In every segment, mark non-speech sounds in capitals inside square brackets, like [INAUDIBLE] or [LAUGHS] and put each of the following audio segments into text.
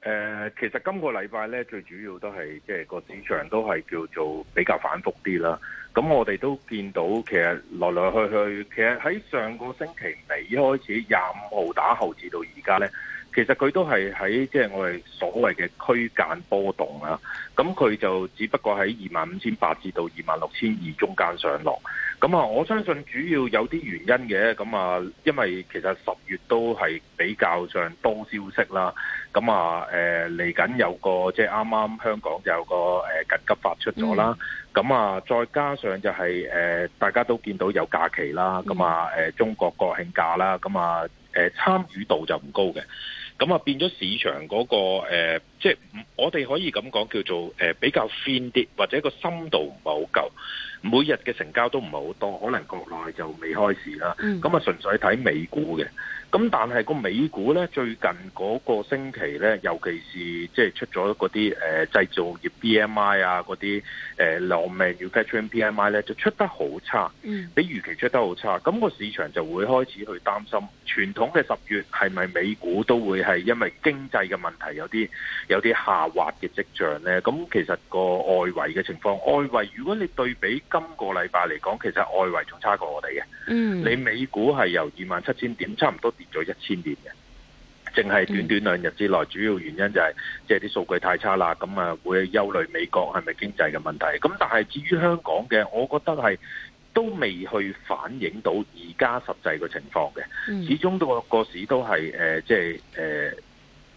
誒、呃，其實今個禮拜咧，最主要都係即係個市場都係叫做比較反覆啲啦。咁我哋都見到，其實來來去去，其實喺上個星期尾開始，廿五號打後至到而家咧。其實佢都係喺即係我哋所謂嘅區間波動啦，咁佢就只不過喺二萬五千八至到二萬六千二中間上落，咁啊，我相信主要有啲原因嘅，咁啊，因為其實十月都係比較上多消息啦，咁啊，誒嚟緊有個即係啱啱香港就有個誒緊急發出咗啦，咁啊，再加上就係誒大家都見到有假期啦，咁啊，誒中國國慶假啦，咁啊。誒參與度就唔高嘅，咁啊變咗市場嗰、那個誒，即、呃、唔、就是、我哋可以咁講，叫做誒比較 thin 啲，或者個深度唔係好夠。每日嘅成交都唔係好多，可能國內就未開市啦。咁啊，純粹睇美股嘅。咁但係個美股呢，最近嗰個星期呢，尤其是即係出咗嗰啲誒製造業 PMI 啊，嗰啲誒 non-manufacturing PMI 呢，就出得好差，比預期出得好差。咁個市場就會開始去擔心傳統嘅十月係咪美股都會係因為經濟嘅問題有啲有啲下滑嘅跡象呢？咁其實個外圍嘅情況，外圍如果你對比。今個禮拜嚟講，其實外圍仲差過我哋嘅。嗯，你美股係由二萬七千點，差唔多跌咗一千點嘅，淨係短短兩日之內。嗯、主要原因就係即係啲數據太差啦，咁啊會憂慮美國係咪經濟嘅問題？咁但係至於香港嘅，我覺得係都未去反映到而家實際嘅情況嘅。始終個個市都係誒、呃，即係誒。呃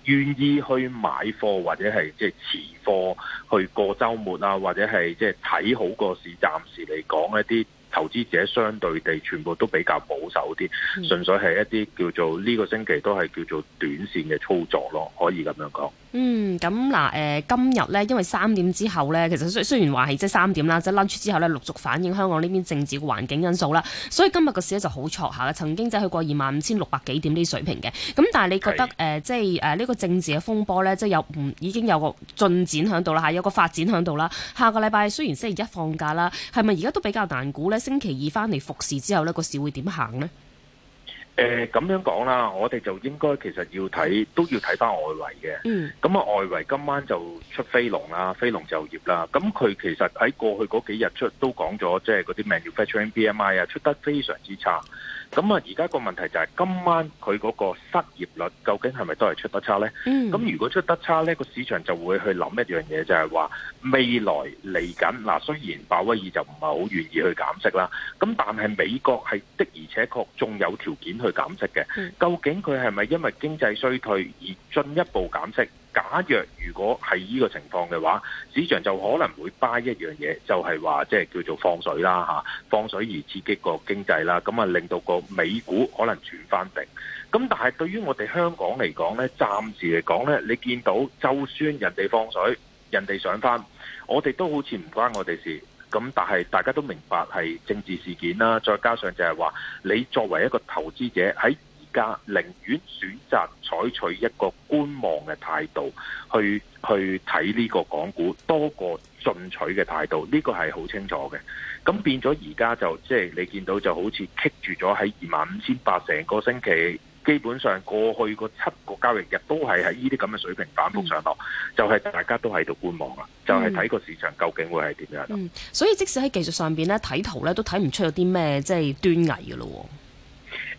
願意去買貨或者係即係持貨去過週末啊，或者係即係睇好個市，暫時嚟講一啲投資者相對地全部都比較保守啲，純粹係一啲叫做呢個星期都係叫做短線嘅操作咯，可以咁樣講。嗯，咁嗱、呃，今日咧，因為三點之後咧，其實雖，雖然話係即係三點啦，即係 lunch 之後咧，陸續反映香港呢邊政治嘅環境因素啦，所以今日個市咧就好挫下嘅，曾經就去過二萬五千六百幾點呢水平嘅，咁但係你覺得誒是、呃，即係誒呢個政治嘅風波咧，即係有唔已經有個進展喺度啦，有個發展喺度啦，下個禮拜雖然星期一放假啦，係咪而家都比較難估咧？星期二翻嚟復市之後呢個市會點行呢？誒，咁、呃、樣講啦，我哋就應該其實要睇，都要睇翻外圍嘅。嗯。咁啊，外圍今晚就出非農啦，非農就業啦。咁佢其實喺過去嗰幾日出都講咗，即係嗰啲 manufacturing PMI 啊，出得非常之差。咁啊，而家個問題就係今晚佢嗰個失業率究竟係咪都係出得差咧？嗯。咁如果出得差咧，個市場就會去諗一樣嘢，就係話未來嚟緊嗱，雖然鮑威爾就唔係好願意去減息啦，咁但係美國係的而且確仲有條件。去減息嘅，究竟佢係咪因為經濟衰退而進一步減息？假若如果係呢個情況嘅話，市場就可能會 buy 一樣嘢，就係話即係叫做放水啦嚇，放水而刺激個經濟啦，咁啊令到個美股可能轉翻平。咁但係對於我哋香港嚟講呢，暫時嚟講呢，你見到就算人哋放水，人哋上翻，我哋都好似唔關我哋事。咁但係大家都明白係政治事件啦，再加上就係話，你作為一個投資者喺而家寧願選擇採取一個觀望嘅態度去去睇呢個港股多過進取嘅態度，呢、這個係好清楚嘅。咁變咗而家就即係、就是、你見到就好似棘住咗喺二萬五千八成個星期。基本上過去嗰七個交易日都係喺呢啲咁嘅水平反覆上落，嗯、就係大家都喺度觀望啊，嗯、就係睇個市場究竟會係點樣。嗯，所以即使喺技術上邊咧睇圖咧，都睇唔出有啲咩即係端倪嘅咯。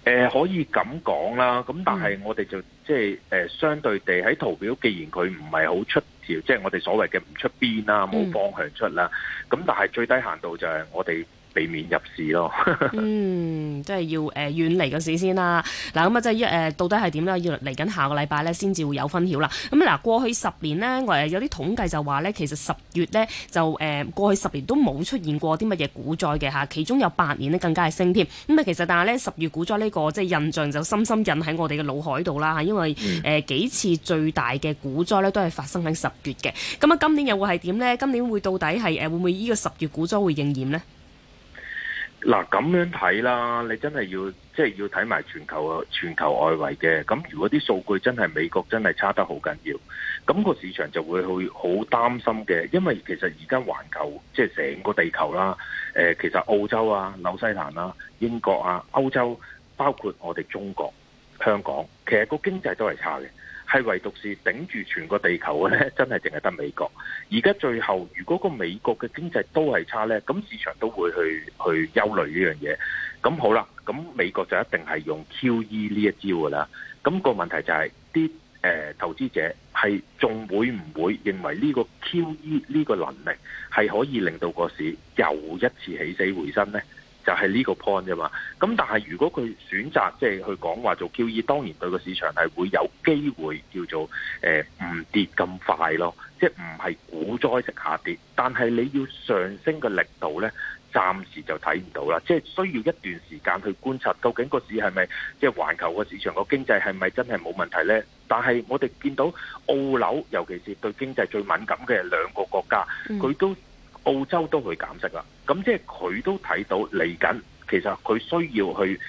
誒、呃，可以咁講啦。咁但係我哋就即係誒，相對地喺圖表，既然佢唔係好出條，即、就、係、是、我哋所謂嘅唔出邊啦，冇方向出啦。咁、嗯、但係最低限度就係我哋。避免入市咯， [LAUGHS] 嗯，即係要誒，遠離個市先啦。嗱，咁啊，即係一誒到底係點呢？要嚟緊下，下個禮拜咧，先至會有分曉啦。咁、啊、嗱，過去十年呢，我有啲統計就話呢，其實十月呢，就誒、呃、過去十年都冇出現過啲乜嘢股災嘅吓，其中有八年呢，更加係升添。咁啊，其實但係呢，十月股災呢個即係印象就深深印喺我哋嘅腦海度啦吓，因為誒、嗯呃、幾次最大嘅股災呢，都係發生喺十月嘅。咁啊，今年又會係點呢？今年會到底係誒、呃、會唔會呢個十月股災會應驗呢？嗱，咁樣睇啦，你真係要即係、就是、要睇埋全球啊，全球外圍嘅。咁如果啲數據真係美國真係差得好緊要，咁、個市場就會去好擔心嘅。因為其實而家環球即係成個地球啦、呃，其實澳洲啊、紐西蘭啊、英國啊、歐洲，包括我哋中國、香港，其實個經濟都係差嘅。係唯獨是頂住全個地球嘅咧，真係淨係得美國。而家最後，如果個美國嘅經濟都係差咧，咁市場都會去去憂慮呢樣嘢。咁好啦，咁美國就一定係用 QE 呢一招噶啦。咁、那個問題就係、是，啲誒、呃、投資者係仲會唔會認為呢個 QE 呢個能力係可以令到個市又一次起死回生咧？就係呢個 point 啫嘛，咁但係如果佢選擇即係去講話做 QE，當然對個市場係會有機會叫做誒唔、呃、跌咁快咯，即係唔係股災式下跌，但係你要上升嘅力度咧，暫時就睇唔到啦，即、就、係、是、需要一段時間去觀察究竟個市係咪即係環球個市場個、就是、經濟係咪真係冇問題咧？但係我哋見到澳紐，尤其是對經濟最敏感嘅兩個國家，佢都、嗯。澳洲都會減息啦，咁即係佢都睇到嚟緊，其實佢需要去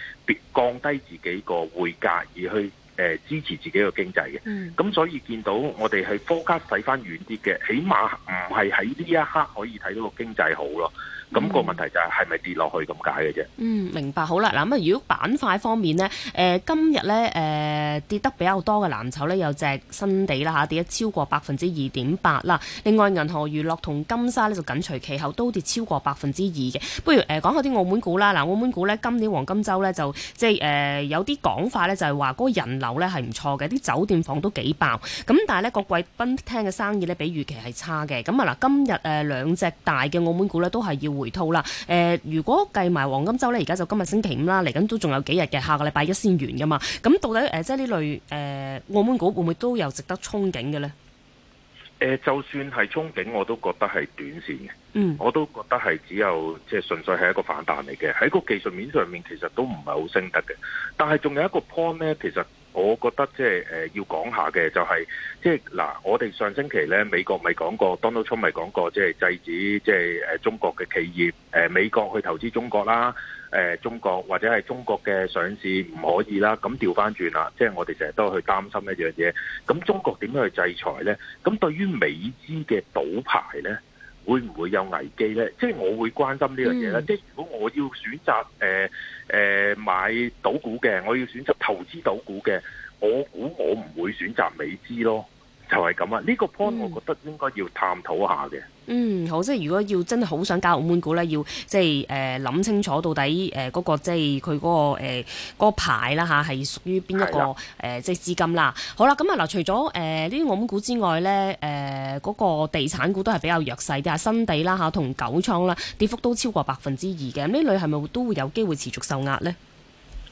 降低自己個匯價，而去誒、呃、支持自己個經濟嘅。咁、嗯、所以見到我哋係 forecast 睇翻遠啲嘅，起碼唔係喺呢一刻可以睇到個經濟好咯。咁個問題就係係咪跌落去咁解嘅啫？嗯，明白。好啦，嗱咁啊，如果板塊方面呢、呃，今日呢、呃，跌得比較多嘅藍籌呢，有隻新地啦嚇，跌咗超過百分之二點八啦。另外，銀河娛樂同金沙呢，就緊隨其後，都跌超過百分之二嘅。不如誒、呃、講下啲澳門股啦。嗱、呃，澳門股呢，今年黃金周呢，就即係、呃、有啲講法呢，就係話嗰個人流呢係唔錯嘅，啲酒店房都幾爆。咁但係呢，個貴賓廳嘅生意呢，比預期係差嘅。咁啊嗱，今日誒、呃、兩隻大嘅澳門股呢，都係要回吐啦，誒、呃，如果計埋黃金週呢，而家就今日星期五啦，嚟緊都仲有幾日嘅，下個禮拜一先完㗎嘛，咁到底誒、呃，即係呢類誒、呃，澳門股會唔會都有值得憧憬嘅呢？誒、呃，就算係憧憬，我都覺得係短線嘅，嗯，我都覺得係只有即係、就是、純粹係一個反彈嚟嘅，喺個技術面上面其實都唔係好升得嘅，但係仲有一個 point 呢，其實。我覺得即係要講下嘅就係即係嗱，我哋上星期咧美國咪講過，Donald Trump 咪講過，即係制止即係中國嘅企業美國去投資中國啦，中國或者係中國嘅上市唔可以啦。咁調翻轉啦，即係我哋成日都去擔心一樣嘢。咁中國點樣去制裁咧？咁對於美資嘅賭牌咧？會唔會有危機呢？即係我會關心呢樣嘢啦。嗯、即係如果我要選擇誒誒、呃呃、買賭股嘅，我要選擇投資賭股嘅，我估我唔會選擇美資咯。就係咁啊！呢、呢個 point 我覺得應該要探討下嘅。嗯嗯，好，即係如果要真係好想搞澳門股呢，要即係誒諗清楚到底誒嗰、呃嗰個即係佢嗰個誒個牌啦吓，係屬於邊一個誒的、呃、即係資金啦。好啦，咁啊嗱，除咗誒呢啲澳門股之外呢，誒、呃、嗰、嗰個地產股都係比較弱勢啲啊，新地啦吓同九倉啦，跌幅都超過百分之二嘅。咁呢類係咪都會有機會持續受壓呢？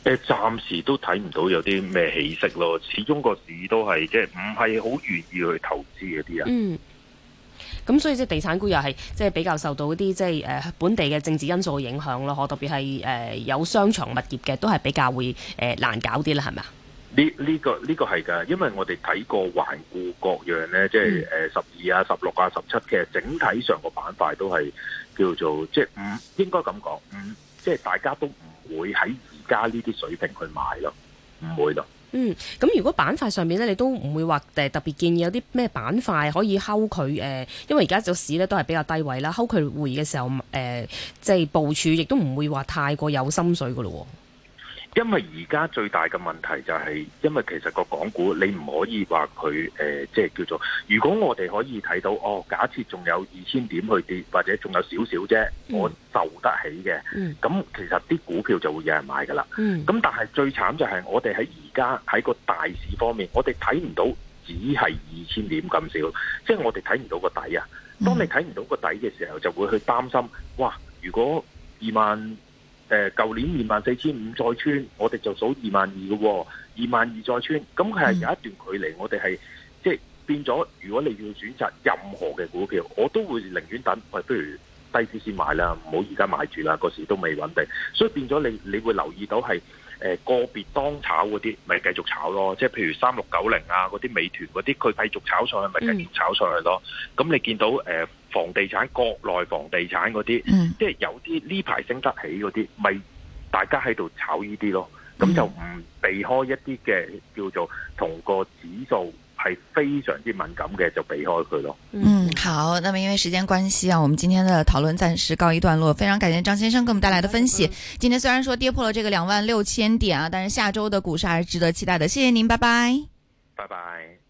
誒、呃，暫時都睇唔到有啲咩起色咯。始終個市都係即係唔係好願意去投資嗰啲人。嗯咁所以即係地產股又係即係比較受到一啲即係誒本地嘅政治因素嘅影響咯，嗬！特別係誒有商場物業嘅都係比較會誒難搞啲啦，係咪啊？呢呢個呢個係㗎，因為我哋睇過環顧各樣咧，即係誒十二啊、十六啊、十七，其實整體上個板塊都係叫做即係唔應該咁講，唔即係大家都唔會喺而家呢啲水平去買咯，唔會咯。嗯，咁如果板塊上面咧，你都唔會話特別建議有啲咩板塊可以溝佢，呃、因為而家就市咧都係比較低位啦，溝佢回嘅時候即係、呃就是、部署亦都唔會話太過有心水噶咯。因為而家最大嘅問題就係，因為其實個港股你唔可以話佢誒，即係叫做，如果我哋可以睇到哦，假設仲有二千點去跌，或者仲有少少啫，我受得起嘅，咁，嗯，其實啲股票就會有人買噶啦。咁，嗯，但係最慘就係我哋喺而家喺個大市方面，我哋睇唔到只係二千點咁少，即係我哋睇唔到個底啊。當你睇唔到個底嘅時候，就會去擔心，嗯，哇！如果二萬。誒舊年二萬四千五再穿，我哋就數二萬二嘅喎，二萬二再穿，咁佢係有一段距離，我哋係即係變咗。如果你要選擇任何嘅股票，我都會寧願等，喂、哎，不如低啲先買啦，唔好而家買住啦，嗰時都未穩定，所以變咗你，你會留意到係。誒個別當炒嗰啲，咪繼續炒咯。即係譬如三六九零啊，嗰啲美團嗰啲，佢繼續炒上去，咪繼續炒上去咯。咁、嗯、你見到、呃、房地產國內房地產嗰啲，嗯、即係有啲呢排升得起嗰啲，咪大家喺度炒呢啲咯。咁就唔避開一啲嘅叫做同個指數。係非常之敏感嘅，就避開佢咯。嗯，好。那麼因為時間關係啊，我們今天的討論暫時告一段落。非常感謝張先生給我們帶來的分析。今天雖然說跌破了這個兩萬六千點啊，但是下周的股市還是值得期待的。謝謝您，拜拜。拜拜。